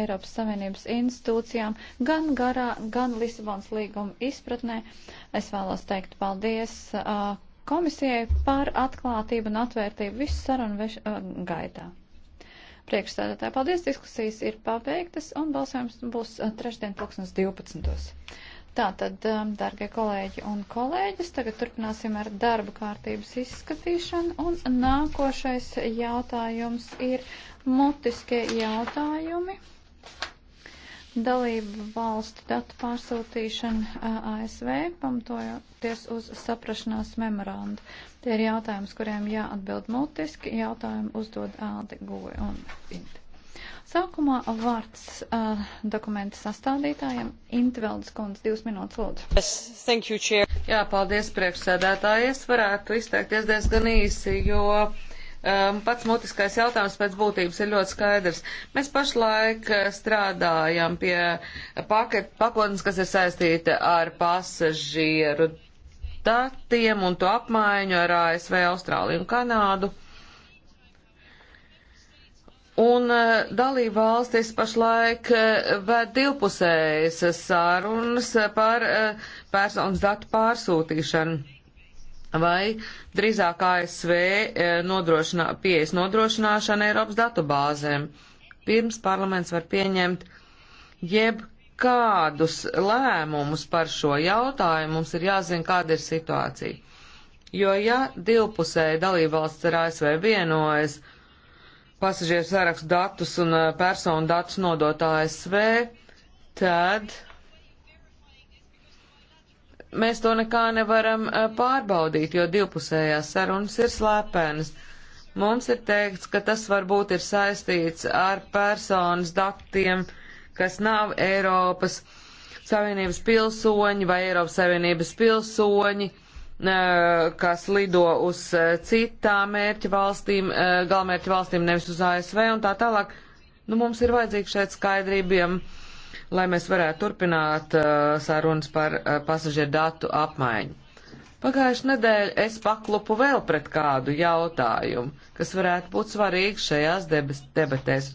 Eiropas Savienības institūcijām gan garā, gan Lisabons līguma izpratnē. Es vēlos teikt paldies uh, komisijai par atklātību un atvērtību visu sarunu veš, uh, gaitā. Priekšstādātāji, paldies, diskusijas ir pabeigtas un balsojums būs uh, trešdien 2012. Tātad, um, darbie kolēģi un kolēģis, tagad turpināsim ar darba kārtības izskatīšanu. Un nākošais jautājums ir mutiskie jautājumi. Dalību valstu datu pārsūtīšana ASV, pamatojoties uz saprašanās memorandu. Tie ir jautājums, kuriem jāatbild mutiski, jautājumu uzdod Ādi Goja un Inti. Sākumā vārds uh, dokumentu sastādītājiem. Intveldes kundze, divas minūtes lūdzu. Yes, thank you, chair. Jā, paldies priekšsēdētāji. Es varētu izteikties diezgan īsi, jo um, pats mutiskais jautājums pēc būtības ir ļoti skaidrs. Mēs pašlaik uh, strādājam pie paket, pakotnes, kas ir saistīta ar pasažieru datiem un to apmaiņu ar ASV, Austrāliju un Kanādu Un eh, dalība valstis pašlaik eh, vēd divpusējas sārunas par eh, personas datu pārsūtīšanu. Vai drīzāk ASV nodrošinā, pieejas nodrošināšana Eiropas datubāzēm. Pirms parlaments var pieņemt jebkādus lēmumus par šo jautājumu, mums ir jāzina, kāda ir situācija. Jo ja divpusēji dalībvalsts ar ASV vienojas, pasažieru sarakstu datus un eh, personu datus nodot ASV, tad mēs to nekā nevaram eh, pārbaudīt, jo divpusējās sarunas ir slēpēnas. Mums ir teikts, ka tas varbūt ir saistīts ar personas datiem, kas nav Eiropas Savienības pilsoņi vai Eiropas Savienības pilsoņi kas lido uz citām mērķu valstīm, galmērķu valstīm, nevis uz ASV un tā tālāk. Nu, mums ir vajadzīgi šeit skaidrībiem, lai mēs varētu turpināt sarunas par pasažieru datu apmaiņu. Pagājušajā nedēļā es paklupu vēl pret kādu jautājumu, kas varētu būt svarīgs šajās debes, debatēs.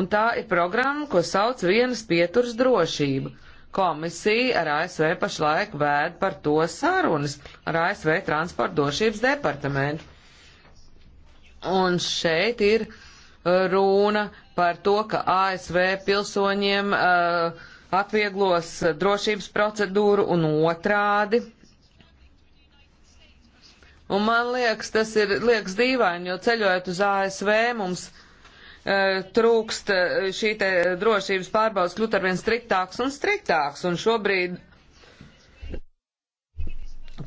Un tā ir programma, ko sauc vienas pieturas drošība. Komisija ar ASV pašlaik vēd par to sarunas ar ASV transporta drošības departamentu. Un šeit ir uh, runa par to, ka ASV pilsoņiem uh, atvieglos drošības procedūru un otrādi. Un man liekas, tas ir liekas dīvaini, jo ceļojot uz ASV mums uh, Eh, trūkst eh, šī te drošības pārbaudas kļūt arvien striktāks un striktāks, un šobrīd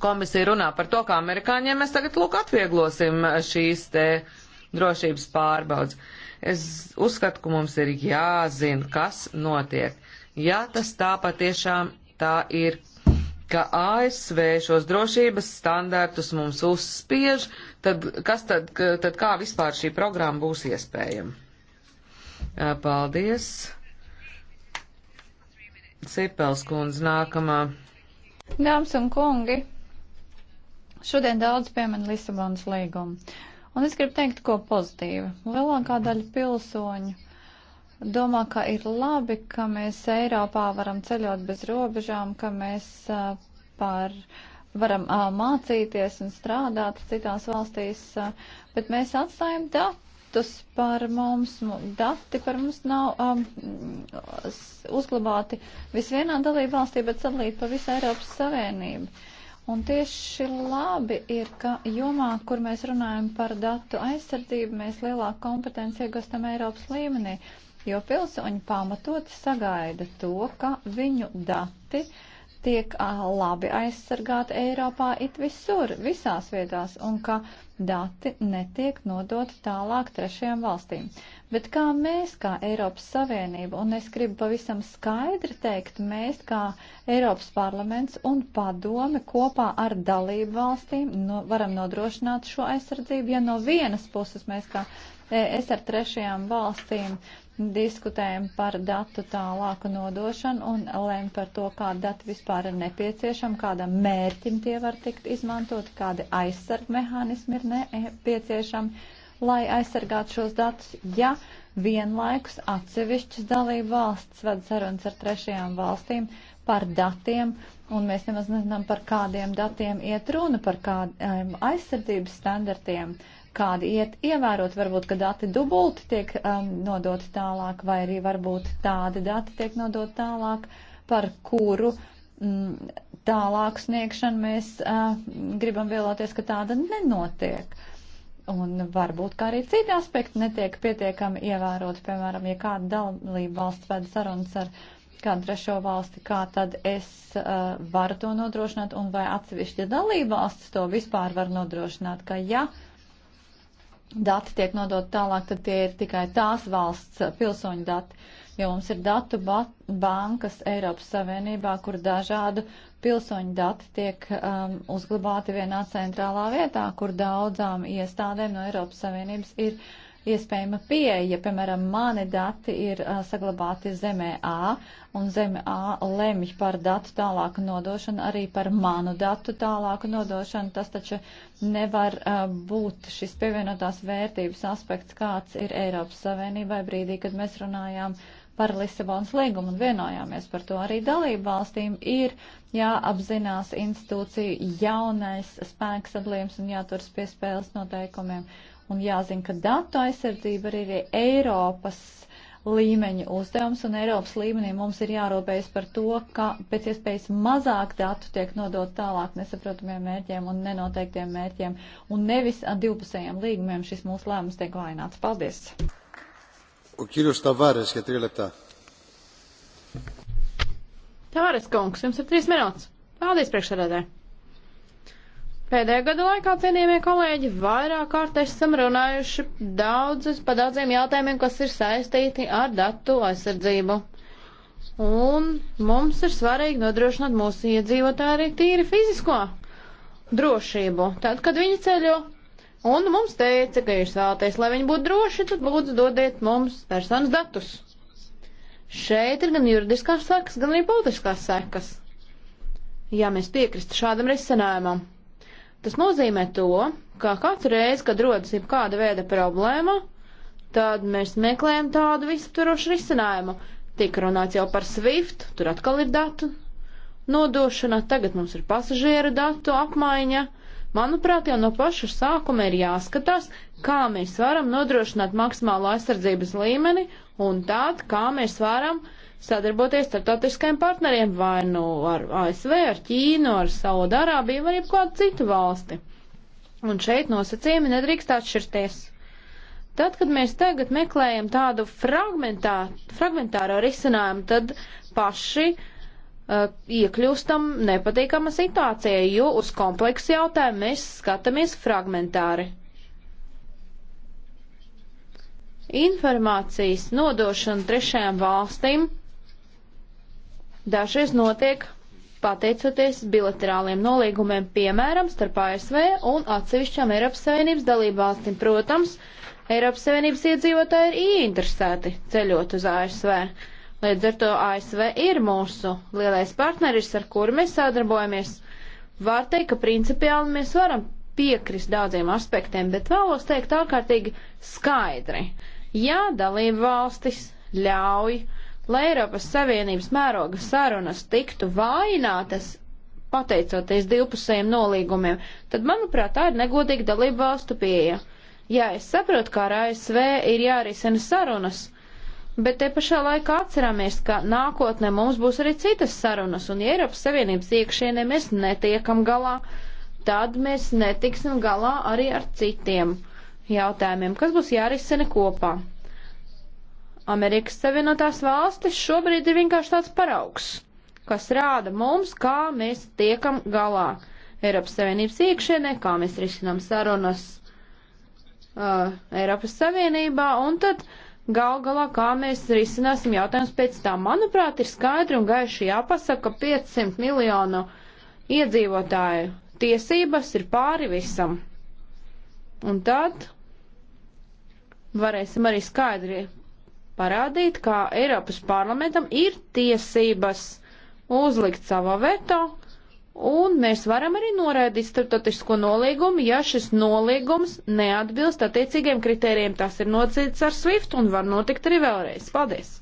komisija runā par to, kā amerikāņiem mēs tagad lūk atvieglosim šīs te drošības pārbaudas. Es uzskatu, ka mums ir jāzina, kas notiek. Ja tas tā patiešām tā ir, ka ASV šos drošības standartus mums uzspiež, tad, kas tad, tad kā vispār šī programma būs iespējama? Paldies. Sipels kundze nākamā. Dāmas un kungi, šodien daudz piemin Lisabonas līgumu. Un es gribu teikt, ko pozitīvi. Lielākā daļa pilsoņu domā, ka ir labi, ka mēs Eiropā varam ceļot bez robežām, ka mēs par, varam mācīties un strādāt citās valstīs, bet mēs atstājam datu datus par mums. Dati par mums nav um, uzglabāti visvienā dalība valstī, bet sadalīti pa visu Eiropas Savienību. Un tieši labi ir, ka jomā, kur mēs runājam par datu aizsardzību, mēs lielāku kompetenci iegūstam Eiropas līmenī, jo pilsoņi pamatot sagaida to, ka viņu dati tiek labi aizsargāti Eiropā it visur, visās vietās, un ka uh, dati netiek nodot tālāk trešajām valstīm. Bet kā mēs, kā Eiropas Savienība, un es gribu pavisam skaidri teikt, mēs, kā Eiropas parlaments un padome kopā ar dalību valstīm no, varam nodrošināt šo aizsardzību, ja no vienas puses mēs kā es ar trešajām valstīm diskutējam par datu tālāku nodošanu un lēm par to, kāda data vispār ir nepieciešama, kādam mērķim tie var tikt izmantot, kādi aizsargmehānismi ir nepieciešami, e, lai aizsargātu šos datus, ja vienlaikus atsevišķas dalību valsts ved sarunas ar trešajām valstīm par datiem, un mēs nemaz nezinām, par kādiem datiem iet runa, par kādiem aizsardzības standartiem, kādi iet ievērot, varbūt, ka dati dubulti tiek um, nodoti tālāk, vai arī varbūt tādi dati tiek nodoti tālāk, par kuru mm, tālāk sniegšanu mēs uh, gribam vēlēties, ka tāda nenotiek. Un varbūt, kā arī citi aspekti netiek pietiekami ievēroti, piemēram, ja kāda dalība valsts ved sarunas ar kādu trešo valsti, kā tad es uh, varu to nodrošināt, un vai atsevišķa dalība valsts to vispār var nodrošināt, ka ja uh, dati tiek nodot tālāk, tad tie ir tikai tās valsts pilsoņu dati, jo mums ir datu bankas Eiropas Savienībā, kur dažādu pilsoņu dati tiek um, uzglabāti vienā centrālā vietā, kur daudzām iestādēm no Eiropas Savienības ir uh, iespējama pieeja. Piemēram, mani dati ir saglabāti zemē A, un zeme A lemj par datu tālāku nodošanu, arī par manu datu tālāku nodošanu. Tas taču nevar būt šis pievienotās vērtības aspekts, kāds ir Eiropas Savienībai brīdī, kad mēs runājām par Lisabonas līgumu un vienojāmies par to. Arī dalību valstīm ir jāapzinās institūciju jaunais spēks atlījums un jāturas pie spēles noteikumiem. Un jāzina, ka datu aizsardzība arī ir Eiropas līmeņa uzdevums, un Eiropas līmenī mums ir jārūpējas par to, ka pēc iespējas mazāk datu tiek nodot tālāk nesaprotamiem mērķiem un nenoteiktiem mērķiem, un nevis ar divpusējiem līgumiem šis mūsu lēmums tiek vaināts. Paldies! Tavares, ja Tavares kungs, jums ir trīs minūtes. Paldies, priekšsēdētāji! Pēdējā gada laikā, cienījamie kolēģi, vairāk kārt esam runājuši daudzas pa daudziem jautājumiem, kas ir saistīti ar datu aizsardzību. Un mums ir svarīgi nodrošināt mūsu iedzīvotāju arī tīri fizisko drošību, tad, kad viņi ceļo. Un mums teica, ka jūs vēlaties, lai viņi būtu droši, tad lūdzu dodiet mums personas datus. Šeit ir gan juridiskās sekas, gan arī politiskās sekas. Ja mēs piekristu šādam risinājumam. Tas nozīmē to, ka katru reizi, kad rodas jau kāda veida problēma, tad mēs meklējam tādu visaptvarošu risinājumu. Tik runāts jau par SWIFT, tur atkal ir datu nodošana, tagad mums ir pasažieru datu apmaiņa. Manuprāt, jau no paša sākuma ir jāskatās, kā mēs varam nodrošināt maksimālo aizsardzības līmeni un tād, kā mēs varam uh, sadarboties starptautiskajiem partneriem, vai nu ar ASV, ar Ķīnu, ar Saudarābiju, vai kādu citu valsti. Un šeit nosacījumi nedrīkst atšķirties. Tad, kad mēs tagad meklējam tādu fragmentā, fragmentāro risinājumu, tad paši uh, iekļūstam nepatīkama situācija, jo uz kompleksu jautājumu mēs skatāmies fragmentāri. Informācijas nodošana trešajām valstīm Dažreiz notiek pateicoties bilaterāliem nolīgumiem, piemēram, starp ASV un atsevišķām Eiropas Savienības dalībvalstīm. Protams, Eiropas Savienības iedzīvotāji ir ieinteresēti ceļot uz ASV. Līdz ar to ASV ir mūsu lielais partneris, ar kuru mēs sadarbojamies. Var teikt, ka principiāli mēs varam piekrist daudziem aspektiem, bet vēlos teikt ārkārtīgi skaidri. Ja dalība valstis ļauj lai Eiropas Savienības mēroga sarunas tiktu vājinātas, pateicoties divpusējiem nolīgumiem, tad, manuprāt, tā ir negodīga dalība valstu pieeja. Jā, es saprotu, kā ar ASV ir jārisina sarunas, bet te pašā laikā atceramies, ka nākotnē mums būs arī citas sarunas, un ja Eiropas Savienības iekšienē mēs netiekam galā, tad mēs netiksim galā arī ar citiem jautājumiem, kas būs jārisina kopā. Amerikas Savienotās valstis šobrīd ir vienkārši tāds paraugs, kas rāda mums, kā mēs tiekam galā Eiropas Savienības iekšienē, kā mēs risinām sarunas uh, Eiropas Savienībā, un tad gal galā, kā mēs risināsim jautājumus pēc tā. Manuprāt, ir skaidri un gaiši jāpasaka, ka 500 miljonu iedzīvotāju tiesības ir pāri visam. Un tad varēsim arī skaidri parādīt, ka Eiropas parlamentam ir tiesības uzlikt savu veto, un mēs varam arī noraidīt starptautisko nolīgumu, ja šis nolīgums neatbilst attiecīgiem kritērijiem. Tas ir nocīts ar SWIFT un var notikt arī vēlreiz. Paldies!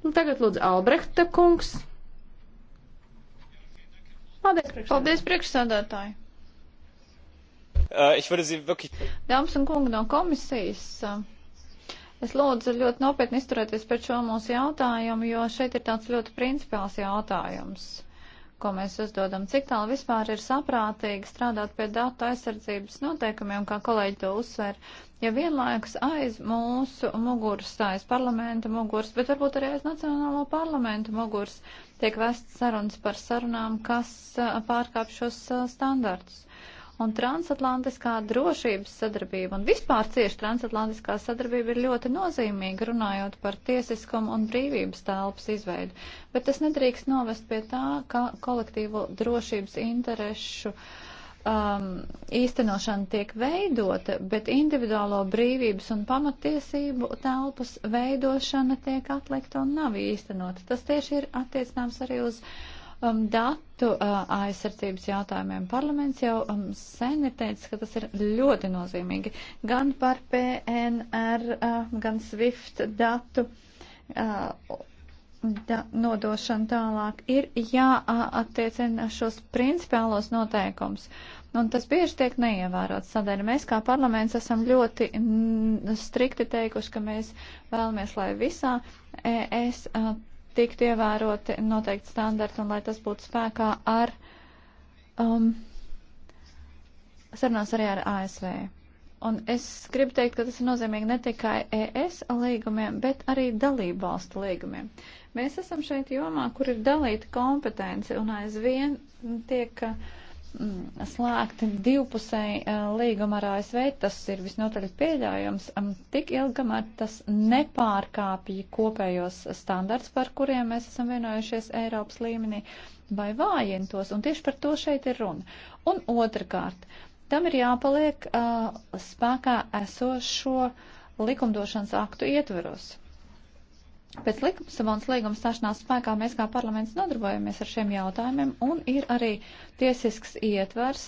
Un nu, tagad lūdzu Albrehta kungs. Paldies, priekšsādātāji! Paldies, priekšsādātāji. Äh, Dāmas un kungi no komisijas, äh, es lūdzu ļoti nopietni izturēties pret šo mūsu jautājumu, jo šeit ir tāds ļoti principāls jautājums, ko mēs uzdodam. Cik tālu vispār ir saprātīgi strādāt pie datu aizsardzības noteikumiem, kā kolēģi to uzsver, ja vienlaikus aiz mūsu muguras, aiz parlamenta muguras, bet varbūt arī aiz nacionālo parlamentu muguras tiek vests sarunas par sarunām, kas uh, pārkāp šos uh, standartus Un transatlantiskā drošības sadarbība un vispār cieši transatlantiskā sadarbība ir ļoti nozīmīga, runājot par tiesiskumu un brīvības telpas izveidu. Bet tas nedrīkst novest pie tā, ka kolektīvo drošības interešu um, īstenošana tiek veidota, bet individuālo brīvības un pamatiesību telpas veidošana tiek atlikta un nav īstenota. Tas tieši ir attiecināms arī uz. Uh, um, datu uh, aizsardzības jautājumiem parlaments jau um, sen ir teicis, ka tas ir ļoti nozīmīgi gan par PNR, uh, gan SWIFT datu. Uh, da, nodošana tālāk ir jāattiecina šos principiālos noteikums. Un tas bieži tiek neievērots. Tādēļ mēs kā parlaments esam ļoti mm, strikti teikuši, ka mēs vēlamies, lai visā ES uh, tiktu ievēroti noteikti standarti un lai tas būtu spēkā ar um, sarunās arī ar ASV. Un es gribu teikt, ka tas ir nozīmīgi ne tikai ES līgumiem, bet arī dalību valstu līgumiem. Mēs esam šeit jomā, kur ir dalīta kompetence un aizvien tiek. Uh, Mm, slēgti divpusēji eh, līguma ar ASV, tas ir visnotaļ pieļaujams, tik ilgi, kamēr tas nepārkāpja kopējos standarts, par kuriem mēs esam vienojušies Eiropas līmenī, vai vājien tos, un tieši par to šeit ir runa. Un otrkārt, tam ir jāpaliek uh, spēkā esošo likumdošanas aktu ietveros. Pēc Lisabonas līguma stāšanās spēkā mēs kā parlaments nodarbojamies ar šiem jautājumiem un ir arī tiesisks ietvers,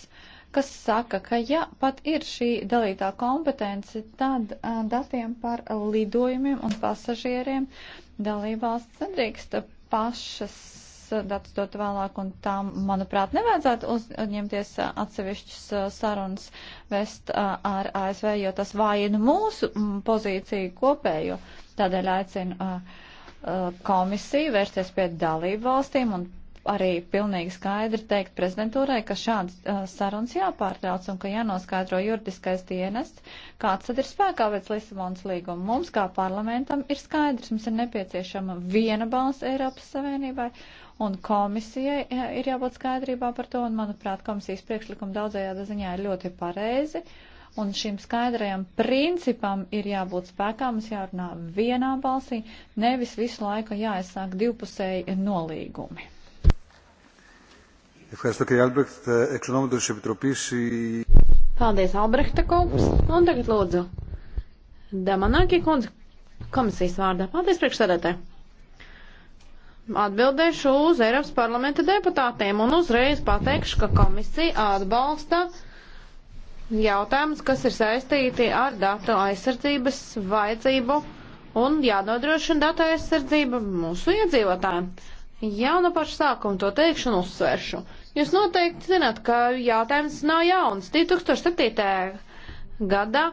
kas saka, ka ja pat ir šī dalītā kompetence, tad uh, datiem par lidojumiem un pasažieriem dalībvalsts nedrīkst pašas datus dot vēlāk, un tām, manuprāt, nevajadzētu uzņemties atsevišķas sarunas vest ar ASV, jo tas vājina mūsu pozīciju kopējo. Tādēļ aicinu komisiju vērsties pie dalību valstīm un arī pilnīgi skaidri teikt prezidentūrai, ka šādas uh, sarunas jāpārtrauc un ka jānoskaidro juridiskais dienests, kāds tad ir spēkā pēc Lisabonas līguma. Mums kā parlamentam ir skaidrs, mums ir nepieciešama viena balss Eiropas Savienībai Un komisijai e, ir jābūt skaidrībā par to, un, manuprāt, komisijas priekšlikuma daudzējāda ziņā ir ļoti pareizi. Un šim skaidrajam principam ir jābūt spēkā, mums jārunā vienā balsī, nevis visu laiku jāizsāk divpusēji nolīgumi. Paldies, Albrehta kungs. Un tagad lūdzu Damanākie kundze komisijas vārdā. Paldies, priekšsēdētāji atbildēšu uz Eiropas parlamenta deputātiem un uzreiz pateikšu, ka komisija atbalsta jautājumus, kas ir saistīti ar datu aizsardzības vajadzību un jānodrošina datu aizsardzība mūsu iedzīvotājiem. Jau no paša sākuma to teikšu un uzsveršu. Jūs noteikti zināt, ka jautājums nav jauns. 2007. gadā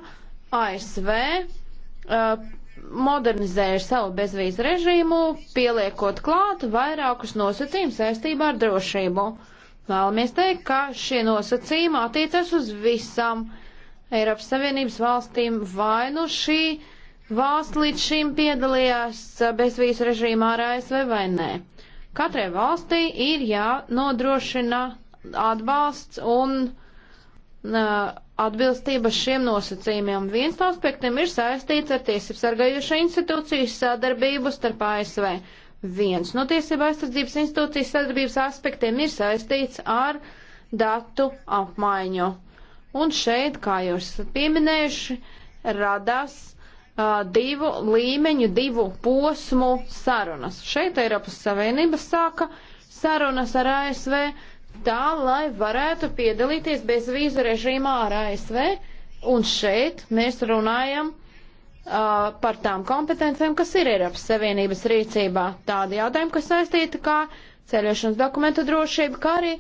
ASV uh, modernizējuši savu bezvīzu režīmu, pieliekot klāt vairākus nosacījumus saistībā ar drošību. Vēlamies teikt, ka šie nosacījumi attiecas uz visām Eiropas Savienības valstīm, vai nu šī valsts līdz šim piedalījās bezvīzu režīmā ar ASV vai nē. Katrai valstī ir jānodrošina atbalsts un uh, atbilstība šiem nosacījumiem. Viens no aspektiem ir saistīts ar tiesību sargājušo institūciju sadarbību starp ASV. Viens no tiesību aizsardzības institūcijas sadarbības aspektiem ir saistīts ar datu apmaiņu. Un šeit, kā jūs pieminējuši, radās uh, divu līmeņu, divu posmu sarunas. Šeit Eiropas Savienība sāka sarunas ar ASV tā, lai varētu piedalīties bezvīzu režīmā ar ASV. Un šeit mēs runājam uh, par tām kompetencijām, kas ir Eiropas Savienības rīcībā. Tādi jautājumi, kas saistīti kā ceļošanas dokumentu drošība, kā arī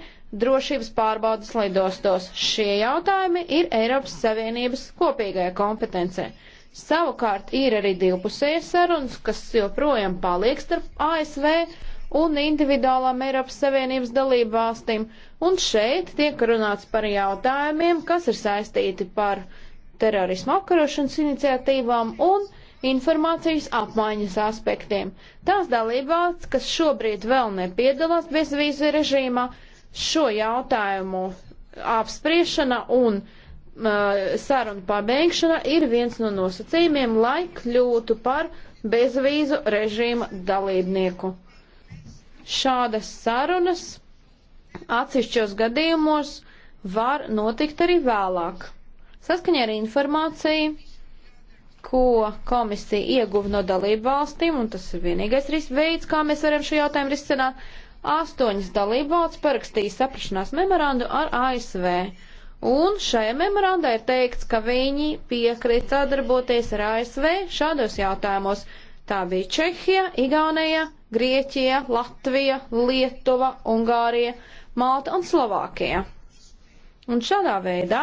drošības pārbaudas lidostos. Šie jautājumi ir Eiropas Savienības kopīgajā kompetencē. Savukārt ir arī divpusējas sarunas, kas joprojām paliek starp ASV un individuālām Eiropas Savienības dalību valstīm. Un šeit tiek runāts par jautājumiem, kas ir saistīti par terorismu apkarošanas iniciatīvām un informācijas apmaiņas aspektiem. Tās dalībvalsts, kas šobrīd vēl nepiedalās bezvīzu režīmā, šo jautājumu apspriešana un uh, sarunu pabeigšana ir viens no nosacījumiem, lai kļūtu par bezvīzu režīma dalībnieku šādas sarunas atsevišķos gadījumos var notikt arī vēlāk. Saskaņā ar informāciju, ko komisija ieguva no dalību valstīm, un tas ir vienīgais veids, kā mēs varam šo jautājumu risināt, astoņas dalību valsts parakstīja saprašanās memorandu ar ASV. Un šajā memorandā ir teikts, ka viņi piekrīt sadarboties ar ASV šādos jautājumos. Tā bija Čehija, Igaunija, Grieķija, Latvija, Lietuva, Ungārija, Malta un Slovākija. Un šādā veidā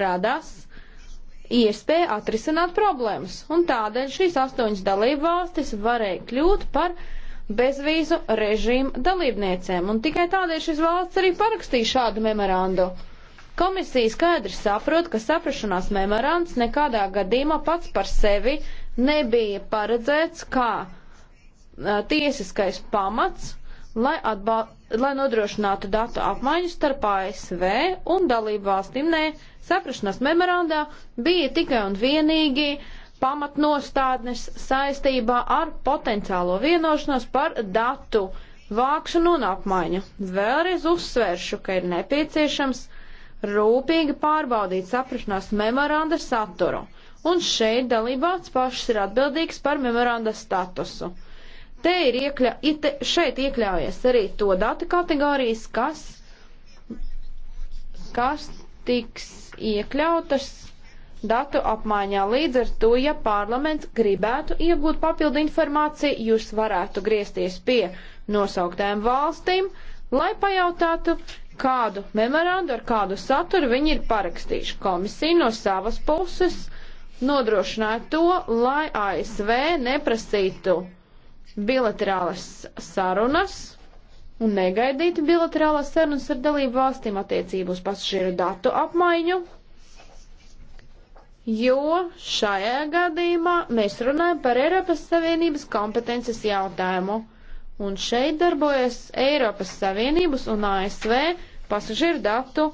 radās iespēja atrisināt problēmas, un tādēļ šīs astoņas dalību valstis varēja kļūt par bezvīzu režīmu dalībniecēm, un tikai tādēļ šis valsts arī parakstīja šādu memorandu. Komisija skaidri saprot, ka saprašanās memorands nekādā gadījumā pats par sevi nebija paredzēts kā tiesiskais pamats, lai, atbā, lai nodrošinātu datu apmaiņu starp ASV un dalību valstīm. Nē, saprašanās memorandā bija tikai un vienīgi pamatnostādnes saistībā ar potenciālo vienošanos par datu vākšanu un apmaiņu. Vēlreiz uzsvēršu, ka ir nepieciešams rūpīgi pārbaudīt saprašanās memoranda saturu. Un šeit dalībāts pašas ir atbildīgs par memoranda statusu. Te ir iekļa, te, šeit iekļaujies arī to datu kategorijas, kas, kas tiks iekļautas datu apmaiņā. Līdz ar to, ja parlaments gribētu iegūt papildu informāciju, jūs varētu griezties pie nosauktēm valstīm, lai pajautātu, kādu memorandu ar kādu saturu viņi ir parakstījuši. Komisija no savas puses nodrošināja to, lai ASV neprasītu bilaterālas sarunas un negaidīti bilaterālās sarunas ar dalību valstīm attiecību uz pasažieru datu apmaiņu, jo šajā gadījumā mēs runājam par Eiropas Savienības kompetences jautājumu un šeit darbojas Eiropas Savienības un ASV pasažieru datu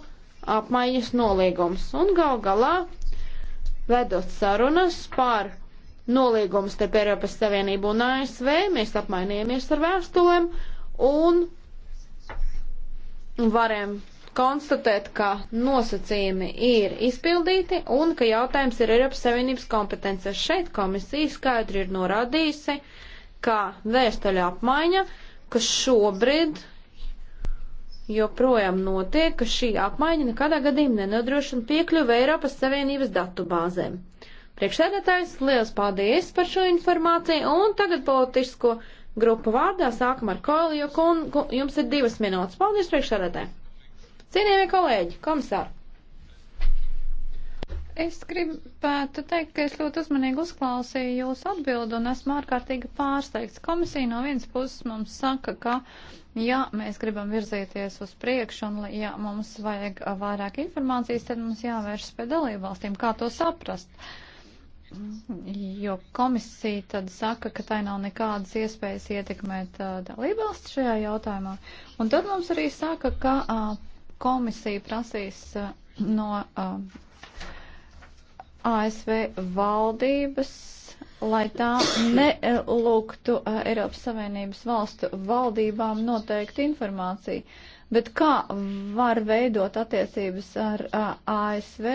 apmaiņas nolīgums. Un gal galā, vedot sarunas par nolīgums starp Eiropas Savienību un ASV, mēs apmainījāmies ar vēstulēm un varējām konstatēt, ka nosacījumi ir izpildīti un ka jautājums ir Eiropas Savienības kompetences. Šeit komisija skaidri ir norādījusi, ka vēstuļa apmaiņa, kas šobrīd joprojām notiek, ka šī apmaiņa nekādā gadījumā nenodrošina piekļuvi Eiropas Savienības datubāzēm. Priekšsēdētājs, liels paldies par šo informāciju, un tagad politisko grupu vārdā sākam ar Koeli, jo kun, kun, jums ir divas minūtes. Paldies priekšsēdētāji. Cienījamie kolēģi, komisāri. Es gribētu teikt, ka es ļoti uzmanīgi uzklausīju jūsu atbildi un esmu ārkārtīgi pārsteigts. Komisija no vienas puses mums saka, ka, ja mēs gribam virzieties uz priekšu un, ja mums vajag vairāk informācijas, tad mums jāvēršas pie dalībvalstīm. Kā to saprast? Uh, jo komisija tad saka, ka tai nav nekādas iespējas ietekmēt uh, dalībvalsts šajā jautājumā. Un tad mums arī saka, ka uh, komisija prasīs uh, no uh, ASV valdības, lai tā nelūgtu uh, Eiropas Savienības valstu valdībām noteikti informāciju. Bet kā var veidot attiecības ar uh, ASV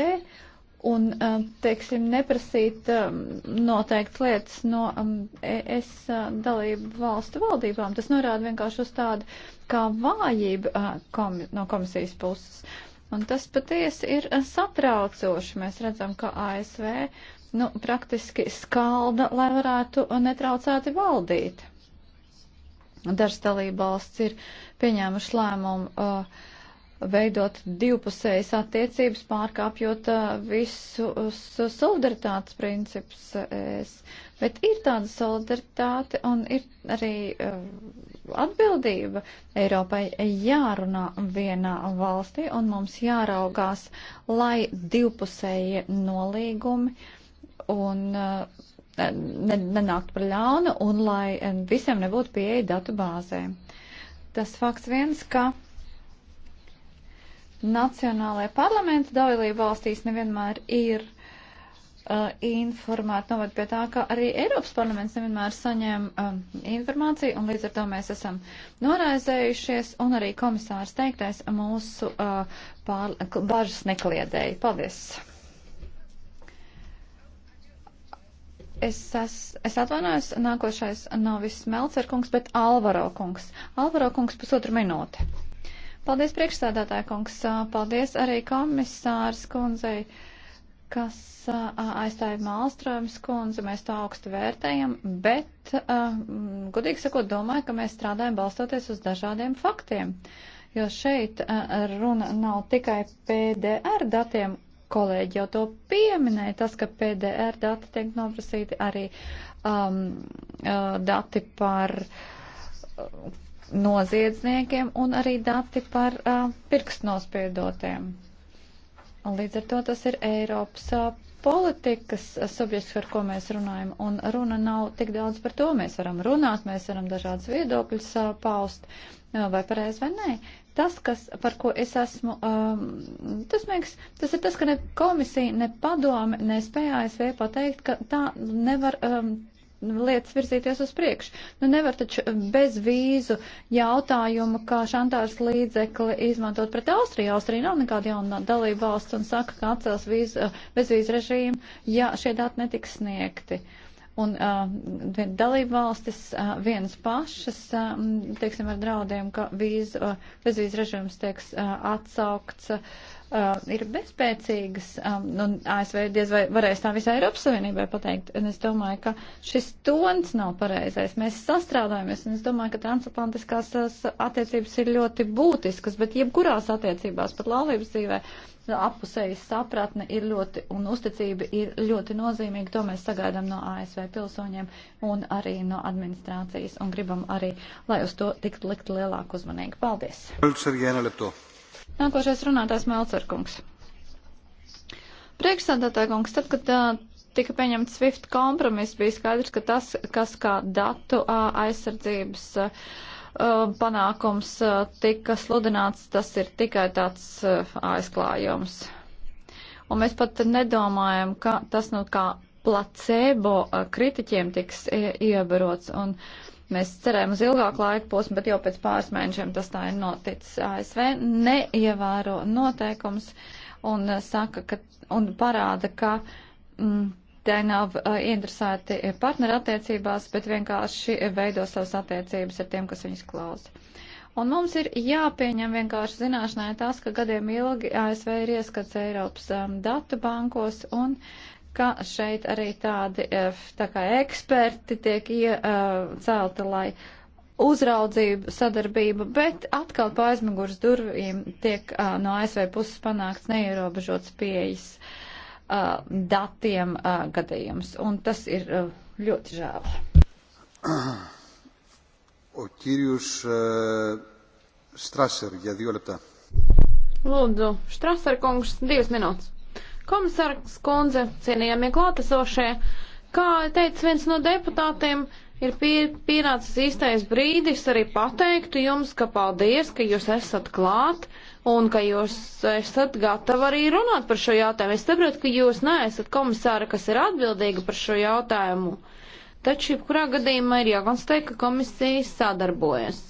un, um, teiksim, neprasīt um, noteikts lietas no um, es uh, dalību valstu valdībām. Tas norāda vienkārši uz tādu kā vājību uh, kom, no komisijas puses. Un tas patiesi ir uh, satraucoši. Mēs redzam, ka ASV nu, praktiski skalda, lai varētu netraucēti valdīt. Dažas dalība valsts ir pieņēmuši lēmumu. Uh, veidot divpusējas attiecības, pārkāpjot visus solidaritātes principus. Bet ir tāda solidaritāte un ir arī atbildība Eiropai jārunā vienā valstī un mums jāraugās, lai divpusēji nolīgumi un nenākt par ļaunu un lai visiem nebūtu pieeja datu bāzēm. Tas fakts viens, ka Nacionālajie parlamenti dalību valstīs nevienmēr ir uh, informēti, novad pie tā, ka arī Eiropas parlaments nevienmēr saņem um, informāciju, un līdz ar to mēs esam noraizējušies, un arī komisārs teiktais mūsu uh, pār, bažas nekliedēja. Paldies! Es, es, es atvainojos, nākošais nav viss Melcer kungs, bet Alvaro kungs. Alvaro kungs pusotru minūti. Paldies priekšstādātāja kungs, paldies arī komisārs kundzei, kas aizstāja Mālstrāmas kundzi, mēs to augstu vērtējam, bet, gudīgi sakot, domāju, ka mēs strādājam balstoties uz dažādiem faktiem, jo šeit runa nav tikai PDR datiem, kolēģi jau to pieminēja, tas, ka PDR dati tiek noprasīti arī um, dati par noziedzniekiem un arī dati par uh, pirkstnospiedotiem. Un līdz ar to tas ir Eiropas uh, politikas uh, subjekts, par ko mēs runājam, un runa nav tik daudz par to. Mēs varam runāt, mēs varam dažādas viedokļas uh, paust, uh, vai pareizi vai nē. Tas, kas, par ko es esmu, um, uh, tas, liekas, tas ir tas, ka ne komisija, ne padome nespēja ASV pateikt, ka tā nevar um, lietas virzīties uz priekšu. Nu, nevar taču bez vīzu jautājumu, kā šantārs līdzekli izmantot pret Austriju. Austrija nav nekāda jauna dalība valsts un saka, ka atcels vīzu, eh, bezvīzu režīmu, ja šie dati netiks sniegti. Un uh, dalība valstis uh, vienas pašas, uh, teiksim, ar draudiem, ka vīzu, uh, bezvīzu režīms tiks uh, atsaukts. Uh, uh, ir bezspēcīgas, um, un nu, ASV diez vai varēs tā visai Eiropas Savienībai pateikt, un es domāju, ka šis tons nav pareizais. Mēs sastrādājamies, un es domāju, ka transatlantiskās uh, attiecības ir ļoti būtiskas, bet jebkurās attiecībās, pat laulības dzīvē, apusējas sapratne ir ļoti, un uzticība ir ļoti nozīmīga. To mēs sagaidām no ASV pilsoņiem un arī no administrācijas, un gribam arī, lai uz to tiktu likt lielāku uzmanību. Paldies! Paldies Nākošais runātājs Melcerkungs. Priekšsādātāja kungs, tad, kad tā, tika pieņemts SWIFT kompromiss, bija skaidrs, ka tas, kas kā datu aizsardzības panākums tika sludināts, tas ir tikai tāds aizklājums. Un mēs pat nedomājam, ka tas nu kā placebo kritiķiem tiks iebarots. Un, uh, Mēs cerējām uz ilgāku laiku posmu, bet jau pēc pāris mēnešiem tas tā ir noticis. ASV neievēro noteikums un uh, saka, ka, un parāda, ka mm, te nav uh, interesēti partnerattiecībās, bet vienkārši veido savas attiecības ar tiem, kas viņus klausa. Un mums ir jāpieņem vienkārši zināšanai tas, ka gadiem ilgi ASV ir ieskats Eiropas um, datu bankos un ka šeit arī tādi eh, tā kā eksperti tiek iecelti, eh, lai uzraudzību, sadarbību, bet atkal pa aizmugurs durvīm tiek uh, no ASV puses panākts neierobežots pieejas uh, datiem uh, gadījums. Un tas ir uh, ļoti žēl. O Kirjus uh, Strasser, ja divi leptā. Lūdzu, Strasser kungs, divas minūtes. Komisārs Kundze, cienījamie klātesošie, kā teica viens no deputātiem, ir pienācis īstais brīdis arī pateikt jums, ka paldies, ka jūs esat klāt un ka jūs esat gatavi arī runāt par šo jautājumu. Es saprotu, ka jūs neesat komisāra, kas ir atbildīga par šo jautājumu, taču jebkurā gadījumā ir jākonstatē, ka komisija sadarbojas.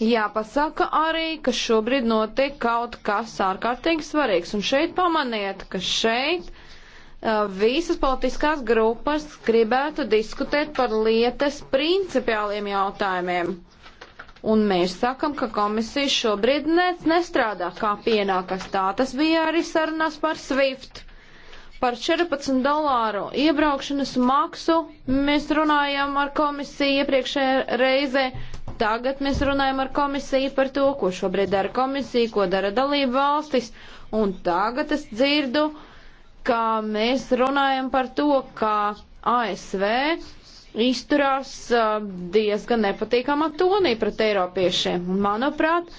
Jāpasaka arī, ka šobrīd notiek kaut kas ārkārtīgi svarīgs, un šeit pamaniet, ka šeit uh, visas politiskās grupas gribētu diskutēt par lietas principiāliem jautājumiem. Un mēs sakam, ka komisija šobrīd ne, nestrādā kā pienākas. Tā tas bija arī sarunās par SWIFT. Par 14 dolāru iebraukšanas maksu mēs runājam ar komisiju iepriekšējā reizē Tagad mēs runājam ar komisiju par to, ko šobrīd dara komisija, ko dara dalība valstis, un tagad es dzirdu, ka mēs runājam par to, ka ASV izturās diezgan nepatīkamā tonī pret eiropiešiem. Manuprāt,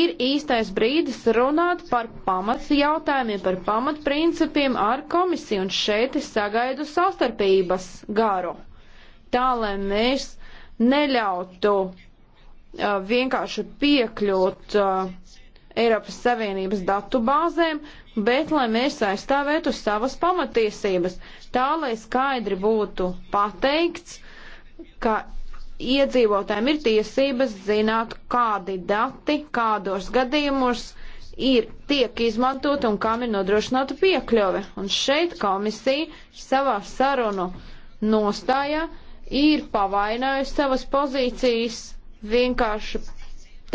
ir īstais brīdis runāt par pamats jautājumiem, par pamatprincipiem ar komisiju, un šeit es sagaidu savstarpības garu. Tā, lai mēs neļautu uh, vienkārši piekļūt uh, Eiropas Savienības datu bāzēm, bet lai mēs aizstāvētu savas pamatiesības. Tā, lai skaidri būtu pateikts, ka iedzīvotājiem ir tiesības zināt, kādi dati, kādos gadījumos ir tiek izmantot un kam ir nodrošināta piekļuve. Un šeit komisija savā sarunu nostājā uh, ir pavainājusi savas pozīcijas vienkārši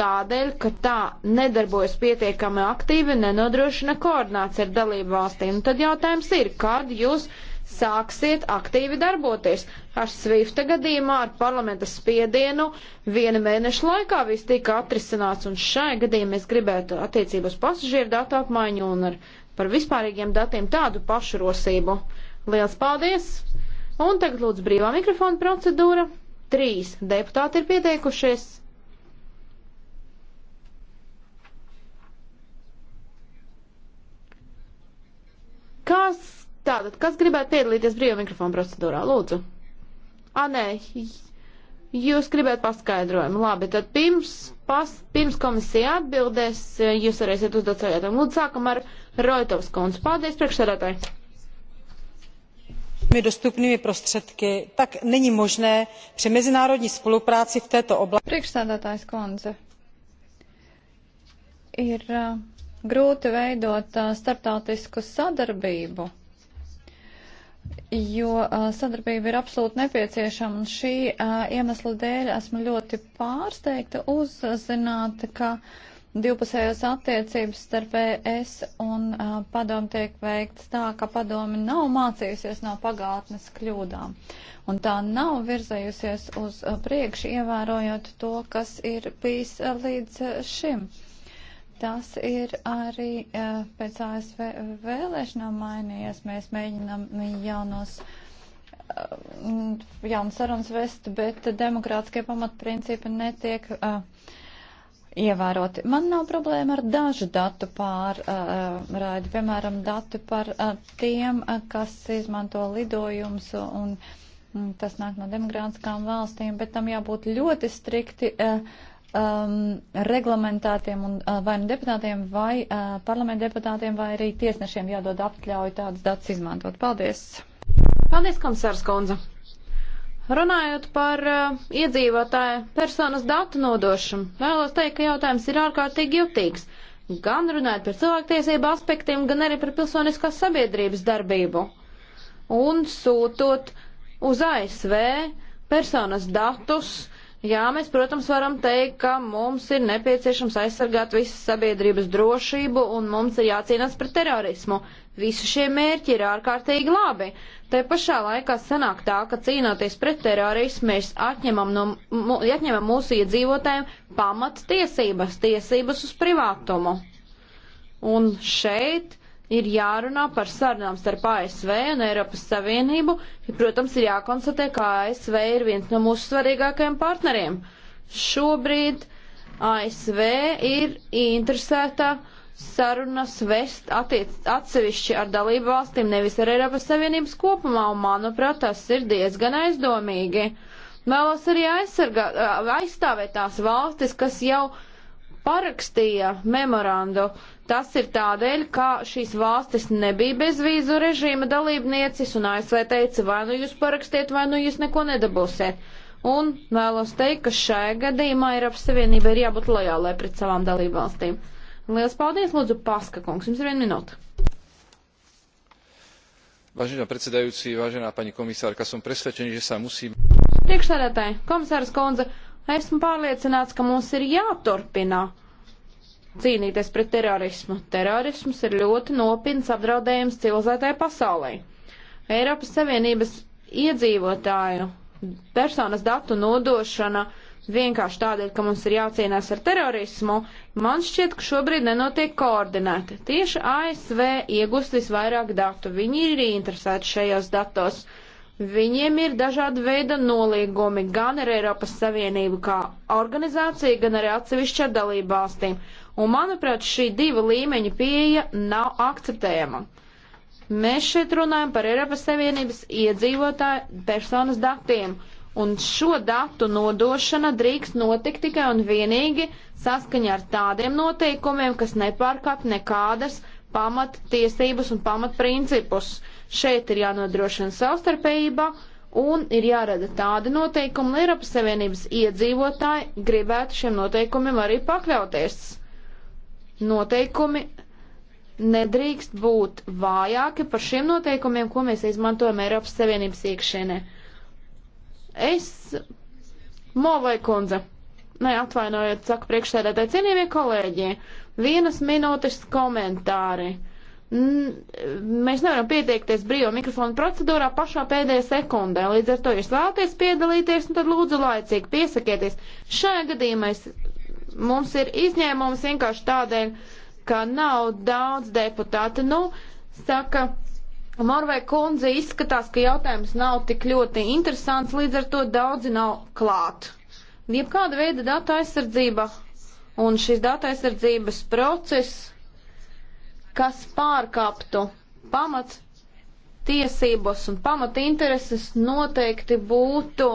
tādēļ, ka tā nedarbojas pietiekami aktīvi, nenodrošina koordināciju ar dalību valstīm. Un tad jautājums ir, kad jūs sāksiet aktīvi darboties. Ar Svifta gadījumā, ar parlamenta spiedienu, viena mēneša laikā viss tika atrisināts, un šai gadījumā es gribētu attiecību uz pasažieru datu apmaiņu un ar, par vispārīgiem datiem tādu pašu rosību. Liels paldies! Un tagad lūdzu brīvā mikrofona procedūra. Trīs deputāti ir pieteikušies. Kas tātad, kas gribētu piedalīties brīvā mikrofona procedūrā? Lūdzu. A, nē, jūs gribētu paskaidrojumu. Labi, tad pirms, pas, pirms komisija atbildēs, jūs varēsiet uzdot savu jautājumu. Lūdzu, sākam ar Roitovs kundzi. Paldies, priekšsēdētāji! dostupnými prostředky tak není možné při mezinárodní spolupráci v této oblasti ir uh, grūti veidot uh, starptautisku sadarbību, jo uh, sadarbība ir absolūti nepieciešama. Un šī iemesla dēļ esmu ļoti pārsteigta uzzināt, ka uh, divpusējos attiecības starp ES un uh, padomu tiek veikts tā, ka padomi nav mācījusies no pagātnes kļūdām. Un tā nav virzējusies uz uh, priekšu, ievērojot to, kas ir bijis uh, līdz uh, šim. Tas ir arī uh, pēc ASV vēlēšanām mainījies. Mēs mēģinām jaunos. Uh, jaunas sarunas vest, bet demokrātiskie pamatprincipi netiek uh, ievēroti. Man nav problēma ar dažu datu pārraidi, piemēram, dati par tiem, kas izmanto lidojumus un tas nāk no demokrātiskām valstīm, bet tam jābūt ļoti strikti um, reglamentētiem un vai nu deputātiem, vai uh, parlamenta deputātiem, vai arī tiesnešiem jādod aptļauju tādas datus izmantot. Paldies! Paldies, komisārs Konza! Runājot par uh, eh, iedzīvotāju personas datu nodošanu, vēlos teikt, ka jautājums ir ārkārtīgi jutīgs. Gan runājot par cilvēktiesību aspektiem, gan arī par pilsoniskās sabiedrības darbību. Un sūtot uz ASV personas datus, uh, Jā, mēs, protams, varam teikt, ka mums ir nepieciešams aizsargāt visu sabiedrības drošību un mums ir jācīnās pret terorismu. Visi šie mērķi ir ārkārtīgi labi. Te pašā laikā sanāk tā, ka cīnoties pret terorismu, mēs atņemam, no, mu, atņemam mūsu iedzīvotājiem pamat tiesības, tiesības uz privātumu. Un šeit ir jārunā par sarunām starp ASV un Eiropas Savienību, ja, protams, ir jākonstatē, ka ASV ir viens no mūsu svarīgākajiem partneriem. Šobrīd ASV ir interesēta sarunas vest attiec, atsevišķi ar dalību valstīm, nevis ar Eiropas Savienības kopumā, un manuprāt, tas ir diezgan aizdomīgi. Vēlos arī aizsargāt, aizstāvēt tās valstis, kas jau uh, parakstīja memorandu, tas ir tādēļ, ka šīs valstis nebija bezvīzu režīma dalībniecis un ASV teica, vai nu jūs parakstiet, vai nu jūs neko nedabūsiet. Un vēlos teikt, ka šajā gadījumā Eiropas Savienība ir jābūt lojālai pret savām dalībvalstīm. Lielas paldies, lūdzu, Paska kungs, jums ir viena minūte. Vážená predsedajúci, vážená pani komisárka, som presvedčený, že sa musím... Priekšsēdētāji, komisārs Konze, Esmu pārliecināts, ka mums ir jāturpina cīnīties pret terorismu. Terorisms ir ļoti nopietns apdraudējums civilizētai pasaulē. Eiropas Savienības iedzīvotāju personas datu nodošana vienkārši tādēļ, ka mums ir jācīnās ar terorismu, man šķiet, ka šobrīd nenotiek koordinēti. Tieši ASV iegūst visvairāk datu, viņi ir interesēti šajos datos. Uh, Viņiem ir dažādi veidi noliegumi gan ar Eiropas Savienību kā organizāciju, gan arī atsevišķi ar dalību valstīm. Un, manuprāt, šī diva līmeņa pieeja nav akceptējama. Mēs šeit runājam par Eiropas Savienības iedzīvotāju personas datiem, un šo datu nodošana drīkst notikt tikai un vienīgi saskaņā ar tādiem noteikumiem, kas nepārkāp nekādas pamat tiesības un pamat principus. Uh, Šeit ir jānodrošina savstarpējība un ir jārada tāda noteikuma, lai Eiropas Savienības iedzīvotāji gribētu šiem noteikumiem arī pakļauties. Noteikumi nedrīkst būt vājāki par šiem noteikumiem, ko mēs izmantojam Eiropas Savienības iekšēnē. Es, Movai kundze, ne atvainojiet, saku priekšsēdētāji cienījamie kolēģi, vienas minūtes komentāri mēs nevaram pieteikties brīvā mikrofona procedūrā pašā pēdējā sekundē. Līdz ar to, ja vēlaties piedalīties, nu, tad lūdzu laicīgi piesakieties. Šajā gadījumā mums ir izņēmums vienkārši tādēļ, ka nav daudz deputāti. Nu, saka, Morvai kundze izskatās, ka jautājums nav tik ļoti interesants, līdz ar to daudzi nav klāt. Jebkāda veida datu aizsardzība un šis datu aizsardzības process kas pārkāptu pamat tiesības un pamat intereses, noteikti būtu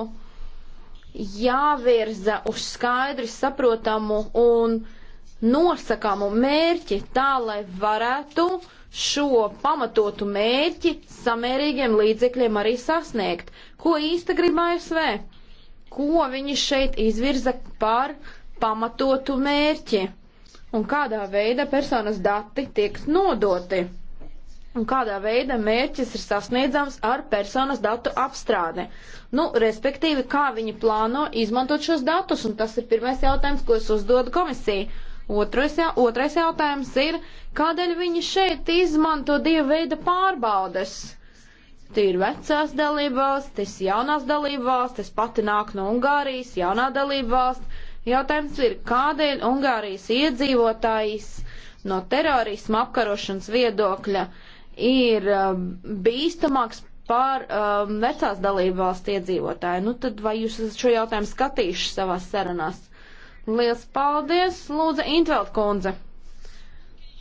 jāvirza uz skaidri saprotamu un nosakamu mērķi tā, lai varētu šo pamatotu mērķi samērīgiem līdzekļiem arī sasniegt. Ko īsti grib ASV? Ko viņi šeit izvirza par pamatotu mērķi? un kādā veidā personas dati tiek nodoti un kādā veidā mērķis ir sasniedzams ar personas datu apstrādi. Nu, respektīvi, kā viņi plāno izmantot šos datus, un tas ir pirmais jautājums, ko es uzdodu komisijai. Otrais, jā, otrais jautājums ir, kādēļ viņi šeit izmanto divu veidu pārbaudes? Tie ir vecās dalībvalstis, jaunās dalībvalstis, pati nāk no Ungārijas, jaunā dalībvalsts. Jautājums ir, kādēļ Ungārijas iedzīvotājs no terorisma apkarošanas viedokļa ir um, bīstamāks par um, vecās dalību valsts iedzīvotāju. Nu tad vai jūs esat šo jautājumu skatījuši savās sarunās? Liels paldies, Lūdza Intveld kundze.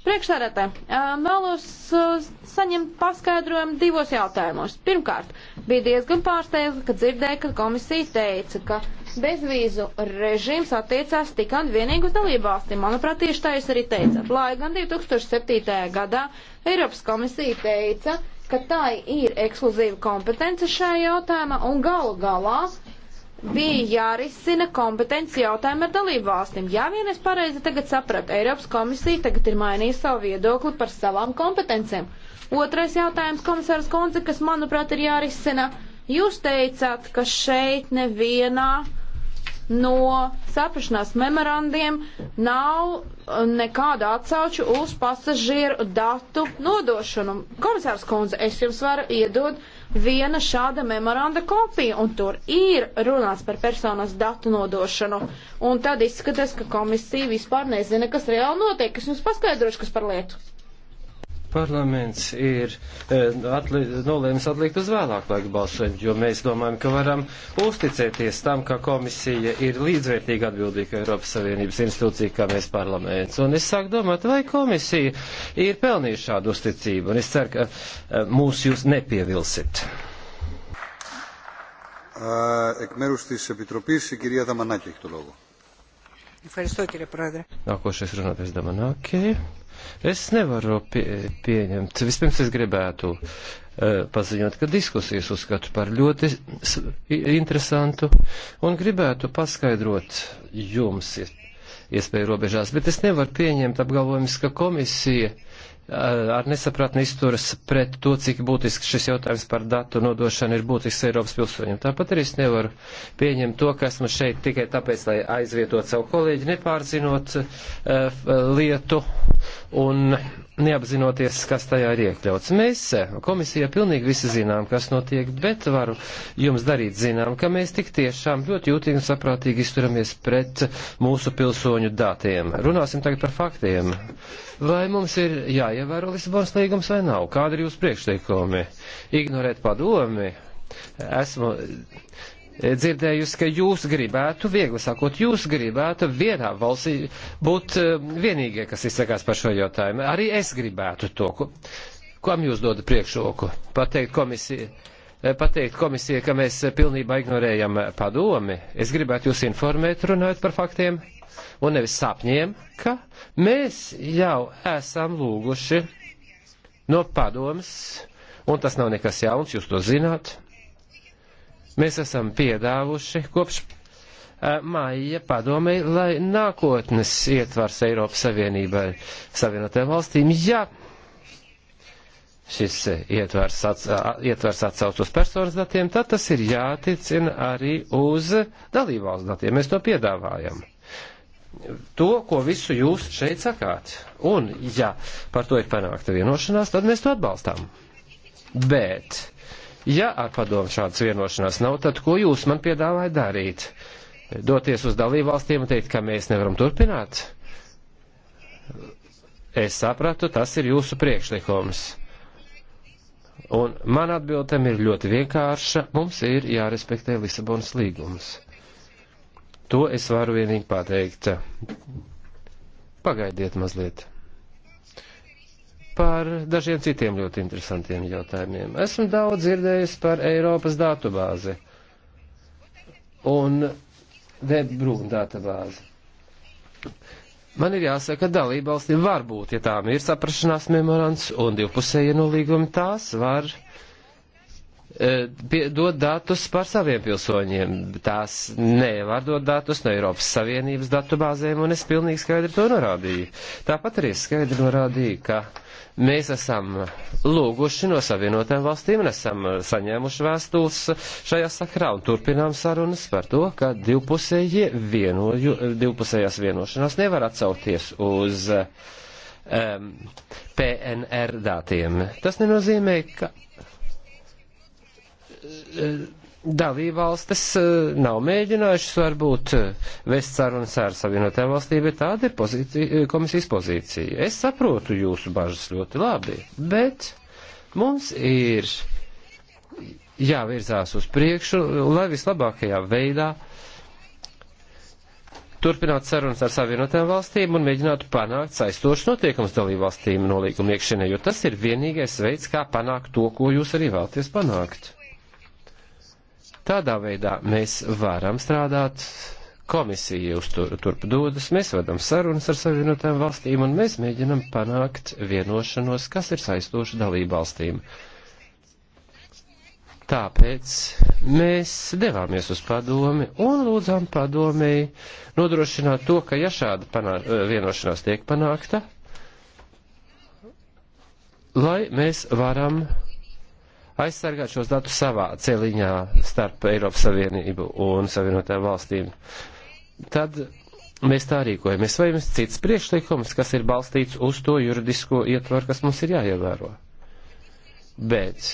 Priekšsēdētē, um, vēlos uh, saņemt paskaidrojumu divos jautājumos. Pirmkārt, bija diezgan pārsteigta, kad dzirdēju, ka komisija teica, ka bezvīzu režīms attiecās tikai un vienīgi uz dalībvalstīm. Manuprāt, tieši tā jūs arī teicāt. Lai gan 2007. gadā Eiropas komisija teica, ka tā ir ekskluzīva kompetence šajā jautājumā un galu galā bija jārisina kompetenci jautājumi ar dalībvalstīm. Jā, vien es pareizi tagad sapratu, Eiropas komisija tagad ir mainījusi savu viedokli par savām kompetencijām. Otrais jautājums, komisārs Konce, kas, manuprāt, ir jārisina. Jūs teicāt, ka šeit nevienā uh, no saprašanās memorandiem nav uh, nekāda atsauču uz pasažieru datu nodošanu. Komisārs Kunze, es jums varu iedot viena šāda memoranda kopija, un tur ir runāts par personas datu nodošanu. Un tad izskatās, ka komisija vispār nezina, kas reāli notiek. Es jums paskaidrošu, kas par lietu parlaments ir eh, atli nolēmis atlikt uz vēlāku laiku balsojumu, jo mēs domājam, ka varam uzticēties tam, ka komisija ir līdzvērtīga atbildīga Eiropas Savienības institūcija, kā mēs parlaments. Un es sāku domāt, vai komisija ir pelnījusi šādu uzticību, un es ceru, ka eh, mūs jūs nepievilsit. Eh, εκ μέρους της Επιτροπής, η κυρία Δαμανάκη έχει το λόγο. Ευχαριστώ κύριε Πρόεδρε. Ακούσεις Ρωνάτες Δαμανάκη. Es nevaru pie, pieņemt. Vispirms es gribētu uh, paziņot, ka diskusijas uzskatu par ļoti interesantu un gribētu paskaidrot jums iespēju robežās, bet es nevaru pieņemt apgalvojumus, ka komisija eh, ar nesapratni izturas pret to, cik būtisks šis jautājums par datu nodošanu ir būtisks Eiropas pilsoņiem. Tāpat arī es nevaru pieņemt to, ka esmu šeit tikai tāpēc, lai aizvietotu savu kolēģi, nepārzinot uh, lietu. Uh, un neapzinoties, kas tajā ir iekļauts. Mēs komisijā pilnīgi visi zinām, kas notiek, bet varu jums darīt zinām, ka mēs tik tiešām ļoti jūtīgi un saprātīgi izturamies pret mūsu pilsoņu datiem. Runāsim tagad par faktiem. Vai mums ir jāievēro Lisabonas līgums vai nav? Kādi ir jūsu priekšteikumi? Ignorēt padomi? Esmu E, dzirdējusi, ka jūs gribētu, viegli sakot, jūs gribētu vienā valstī būt e, vienīgie, kas izsakās par šo jautājumu. Arī es gribētu to. Ko, kam jūs dodat priekšroku? Pateikt komisiju. E, pateikt komisijai, ka mēs pilnībā ignorējam padomi. Es gribētu jūs informēt, runājot par faktiem, un nevis sapņiem, ka mēs jau esam lūguši no padomas, un tas nav nekas jauns, jūs to zināt, Mēs esam piedāvuši kopš māja padomēji, lai nākotnes ietvars Eiropas Savienībai Savienotajām valstīm, ja šis ietvars, atsa, ietvars atsauc uz personas datiem, tad tas ir jāticina arī uz dalībvalsts datiem. Mēs to piedāvājam. To, ko visu jūs šeit sakāt. Un, ja par to ir panākta vienošanās, tad mēs to atbalstām. Bet Ja ar padomu šādas vienošanās nav, tad ko jūs man piedāvājat darīt? Doties uz dalībvalstīm un teikt, ka mēs nevaram turpināt? Es sapratu, tas ir jūsu priekšlikums. Un man atbildam ir ļoti vienkārša. Mums ir jārespektē Lisabonas līgums. To es varu vienīgi pateikt. Pagaidiet mazliet par dažiem citiem ļoti interesantiem jautājumiem. Esmu daudz dzirdējis par Eiropas datubāzi un Debrūna databāzi. Man ir jāsaka, dalībvalstīm varbūt, ja tām ir saprašanās memorands un divpusēja nolīgumi, tās var Eh, dot datus par saviem pilsoņiem. Tās nevar dot datus no Eiropas Savienības datubāzēm, un es pilnīgi skaidri to norādīju. Tāpat arī skaidri norādīju, ka mēs esam lūguši no Savienotēm valstīm un esam eh, saņēmuši vēstules šajā sakrā un turpinām sarunas par to, ka vienoju, eh, divpusējās vienošanās nevar atsaukties uz um, PNR datiem. Tas nenozīmē, ka Eh, dalībvalstis eh, nav mēģinājušas varbūt eh, vest sarunas ar Savienotajām valstīm, bet tāda ir pozīcija, komisijas pozīcija. Es saprotu jūsu bažas ļoti labi, bet mums ir jāvirzās uz priekšu, lai vislabākajā veidā turpināt sarunas ar Savienotajām valstīm un mēģinātu panākt saistošs notiekums dalībvalstīm nolīguma iekšienē, jo tas ir vienīgais veids, kā panākt to, ko jūs arī vēlties panākt. Tādā veidā mēs varam strādāt komisija uz tur, turp dodas, mēs vedam sarunas ar savienotām valstīm un mēs mēģinam panākt vienošanos, kas ir saistoši dalību valstīm. Tāpēc mēs devāmies uz padomi un lūdzām padomēji nodrošināt to, ka ja šāda panā, vienošanās tiek panākta, lai mēs varam aizsargāt šos datus savā celiņā starp Eiropas Savienību un Savienotām valstīm. Tad mēs tā rīkojamies. Vai jums cits priekšlikums, kas ir balstīts uz to juridisko ietvaru, kas mums ir jāievēro? Bet,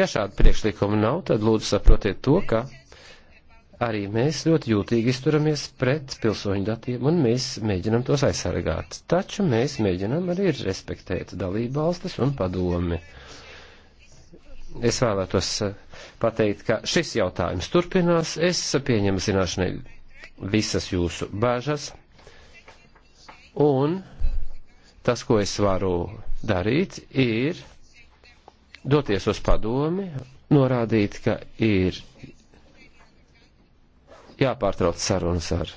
ja šāda priekšlikuma nav, tad lūdzu saprotiet to, ka arī mēs ļoti jūtīgi izturamies pret pilsoņu datiem un mēs mēģinam tos aizsargāt. Taču mēs mēģinam arī respektēt dalību valstis un padomi. Uh, es vēlētos eh, pateikt, ka šis jautājums turpinās. Es pieņemu zināšanai visas jūsu bāžas. Un tas, ko es varu darīt, ir doties uz padomi, norādīt, ka ir jāpārtrauc sarunas ar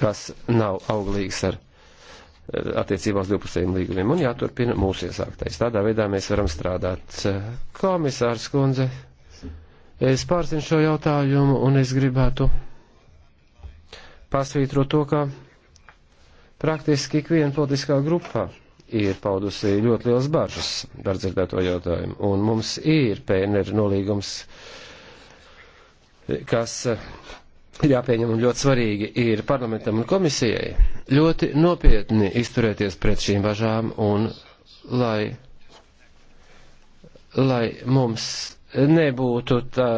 kas nav auglīgs ar attiecībā uz divpusējiem līgumiem un jāturpina mūsu iesāktais. Tādā veidā mēs varam strādāt. Komisārs kundze, es pārzinu šo jautājumu un es gribētu pasvītrot to, ka praktiski ikviena politiskā grupā ir paudusi ļoti liels bažas par dzirdēto jautājumu. Un mums ir PNR nolīgums, kas ir jāpieņem un ļoti svarīgi ir parlamentam un komisijai ļoti nopietni izturēties pret šīm bažām un lai, lai mums nebūtu tā,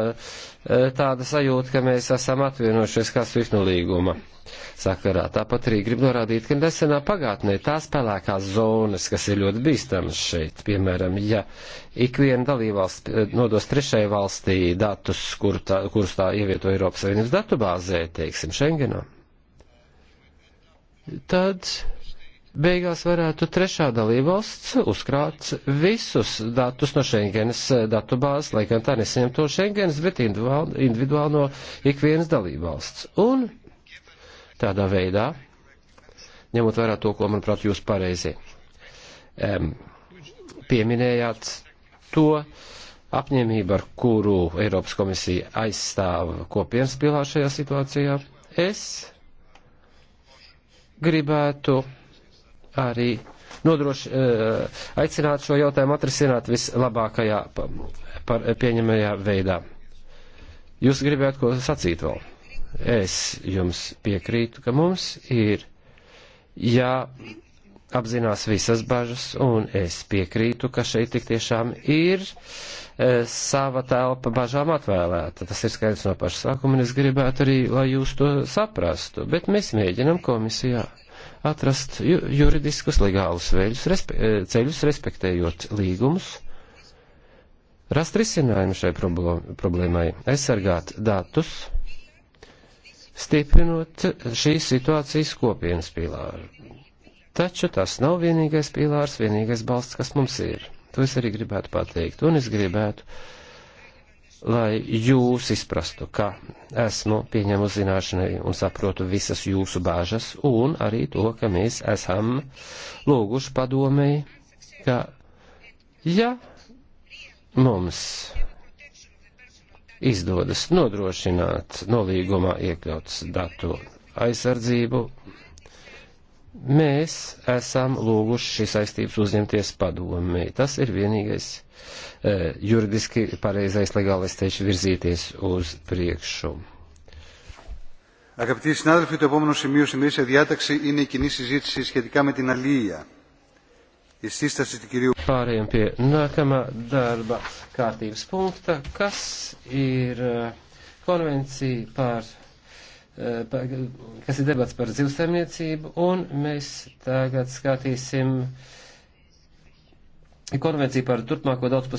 e, tāda sajūta, ka mēs esam atvienojušies kā svifnu līguma sakarā. Tāpat arī grib norādīt, ka nesenā pagātnē tās pelēkās zonas, kas ir ļoti bīstamas šeit, piemēram, ja ikviena dalībvalsts e, nodos trešai valstī datus, kur tā, kurus tā ievieto Eiropas Savienības datubāzē, teiksim, Schengenā, tad beigās varētu trešā dalībvalsts uzkrāt visus datus no Schengenes eh, datubāzes, lai gan tā nesaņem to Schengenes, bet individuāli, individuāli no ikvienas dalībvalsts. Un tādā veidā, ņemot vērā to, ko, manuprāt, jūs pareizi um, pieminējāt, to apņēmību, ar kuru Eiropas komisija aizstāv kopienas pilā šajā situācijā, es gribētu arī nodroši, eh, aicināt šo jautājumu atrisināt vislabākajā par pieņemajā veidā. Jūs gribētu ko sacīt vēl? Es jums piekrītu, ka mums ir jāapzinās visas bažas, un es piekrītu, ka šeit tik tiešām ir e, sava telpa bažām atvēlēta. Tas ir skaidrs no paša sākuma, un es gribētu arī, lai jūs to saprastu, bet mēs mēģinam komisijā atrast ju juridiskus legālus veļus, respe eh, ceļus, respektējot līgumus, rast risinājumu šai problēmai, aizsargāt datus, stiprinot šīs situācijas kopienas pilāru. Taču tas nav vienīgais pilārs, vienīgais balsts, kas mums ir. To es arī gribētu pateikt, un es gribētu uh, lai jūs izprastu, ka esmu pieņemu zināšanai un saprotu visas jūsu bāžas, un arī to, ka mēs esam lūguši padomēji, ka ja mums izdodas nodrošināt nolīgumā iekļautas datu aizsardzību, Mēs esam lūguši šīs saistības uzņemties padomi. Tas ir vienīgais e, juridiski pareizais legālais ceļš virzīties uz priekšu. Αγαπητοί συνάδελφοι, το επόμενο σημείο στην ημερήσια διάταξη είναι η κοινή συζήτηση σχετικά με την αλληλεία. Η σύσταση του κυρίου. Pārējiem pie nākamā darba kārtības punkta, kas ir e, konvencija par Eh, kas ir debats par zivsaimniecību, un mēs tagad skatīsim konvenciju par turpmāko daudzpusēju.